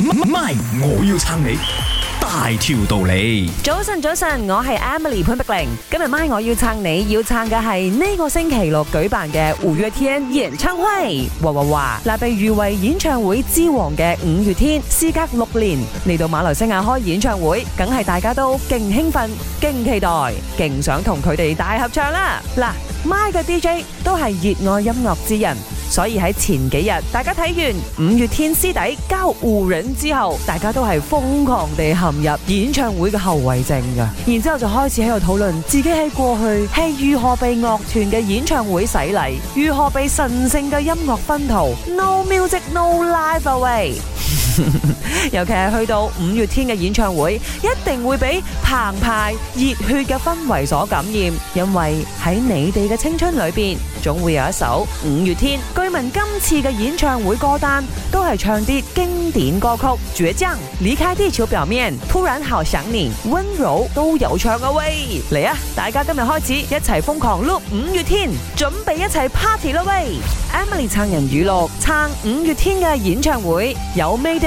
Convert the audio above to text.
唔咪，我要撐你，大條道理。早晨，早晨，我係 Emily 潘碧玲。今日咪，我要撐你，要撐嘅係呢個星期六舉辦嘅五月天演唱會。哇哇哇！嗱，被譽為演唱會之王嘅五月天，時隔六年嚟到馬來西亞開演唱會，梗係大家都勁興奮、勁期待、勁想同佢哋大合唱啦。嗱，咪嘅 DJ 都係熱愛音樂之人。所以喺前幾日，大家睇完五月天私弟交護影之後，大家都係瘋狂地陷入演唱會嘅後遺症噶，然之後就開始喺度討論自己喺過去係如何被樂團嘅演唱會洗禮，如何被神聖嘅音樂熏陶。No music, no life away。 尤其係去到五月天嘅演唱會，一定會被澎湃熱血嘅氛圍所感染，因為喺你哋嘅青春裏邊，總會有一首五月天。據聞今次嘅演唱會歌單都係唱啲經典歌曲，倔強、離開地球表面、突然好想你，溫柔都有唱嘅、啊、喂，嚟啊！大家今日開始一齊瘋狂碌五月天，準備一齊 party 啦喂！Emily 撐人語錄，撐五月天嘅演唱會有咩？